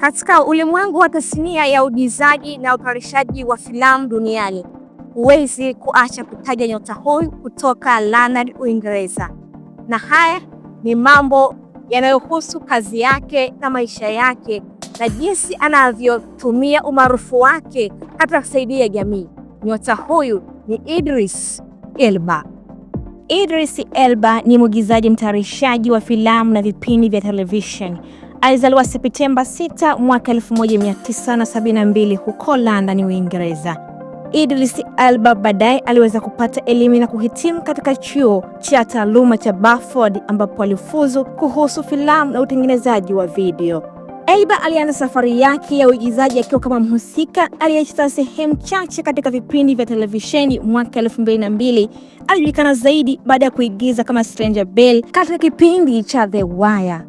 Katika ulimwengu wa tasnia ya uigizaji na utayarishaji wa filamu duniani, huwezi kuacha kutaja nyota huyu kutoka London, Uingereza, na haya ni mambo yanayohusu kazi yake na maisha yake na jinsi anavyotumia umaarufu wake hata kusaidia jamii. Nyota huyu ni Idris Elba. Idris Elba ni mwigizaji, mtayarishaji wa filamu na vipindi vya television. Alizaliwa Septemba 6 mwaka 1972 huko London, Uingereza. Idris Elba baadaye aliweza kupata elimu na kuhitimu katika chuo cha taaluma cha Bafford ambapo alifuzu kuhusu filamu na utengenezaji wa video. Elba alianza safari yake ya uigizaji akiwa kama mhusika aliyecheza sehemu chache katika vipindi vya televisheni. Mwaka 2002 alijulikana zaidi baada ya kuigiza kama Stranger Bell katika kipindi cha The Wire.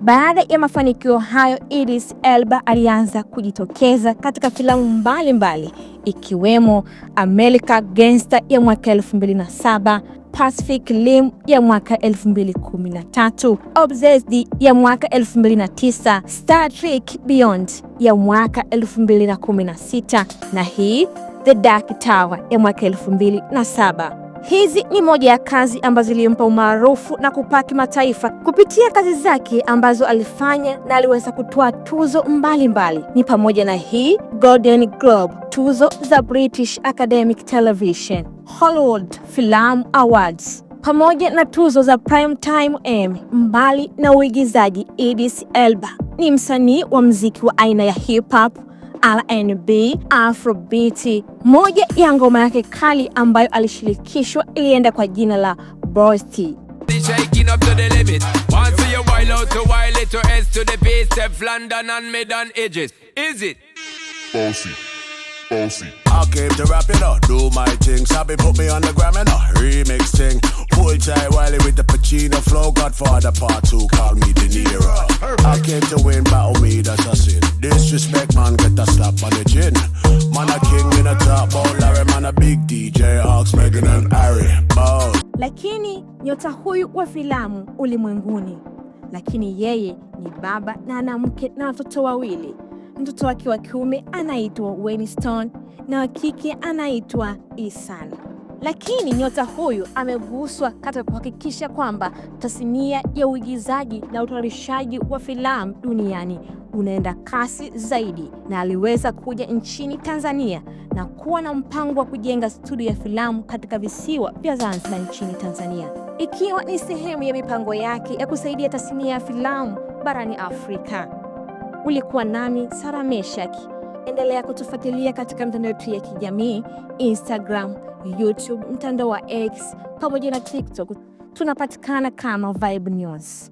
Baada ya mafanikio hayo, Idris Elba alianza kujitokeza katika filamu mbalimbali ikiwemo America Gangster ya mwaka 2007, Pacific Rim ya mwaka 2013, Obsessed ya mwaka 2009, Star Trek Beyond ya mwaka 2016 na hii The Dark Tower ya mwaka 2007. Hizi ni moja ya kazi ambazo zilimpa umaarufu na kupaa kimataifa kupitia kazi zake ambazo alifanya na aliweza kutoa tuzo mbalimbali mbali. Ni pamoja na hii Golden Globe, tuzo za British Academic Television, Hollywood Film Awards pamoja na tuzo za Primetime Emmy. Mbali na uigizaji, Idris Elba ni msanii wa mziki wa aina ya hip hop R&B, Afrobeat. Moja ya ngoma yake kali ambayo alishirikishwa ilienda kwa jina la Bosti. Bossy. I came to rap, it up, do my thing. Sabi put me on the gram, and a remix thing. Full tie Wiley with the Pacino flow. Godfather part two, call me De Niro. I came to win, battle me, that's a sin. Disrespect top of the gin. Man a king in a top, oh Larry, man a big DJ, Ox, Megan and Harry, Bow. Lakini nyota huyu wa filamu ulimwenguni, lakini yeye ni baba na ana mke na watoto wawili. Mtoto wake wa kiume anaitwa Winston na wa kike anaitwa Isan. Lakini nyota huyu ameguswa katika kuhakikisha kwamba tasnia ya uigizaji na utayarishaji wa filamu duniani unaenda kasi zaidi, na aliweza kuja nchini Tanzania na kuwa na mpango wa kujenga studio ya filamu katika visiwa vya Zanzibar nchini Tanzania, ikiwa ni sehemu ya mipango yake ya kusaidia tasnia ya filamu barani Afrika. Ulikuwa nami Sara Meshaki endelea kutufuatilia katika mtandao yetu ya kijamii Instagram, YouTube, mtandao wa X pamoja na TikTok. Tunapatikana kama Vibe News.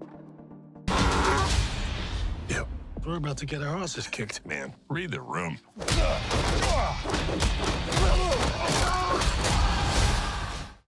We're about to get our asses kicked, man. Read the room.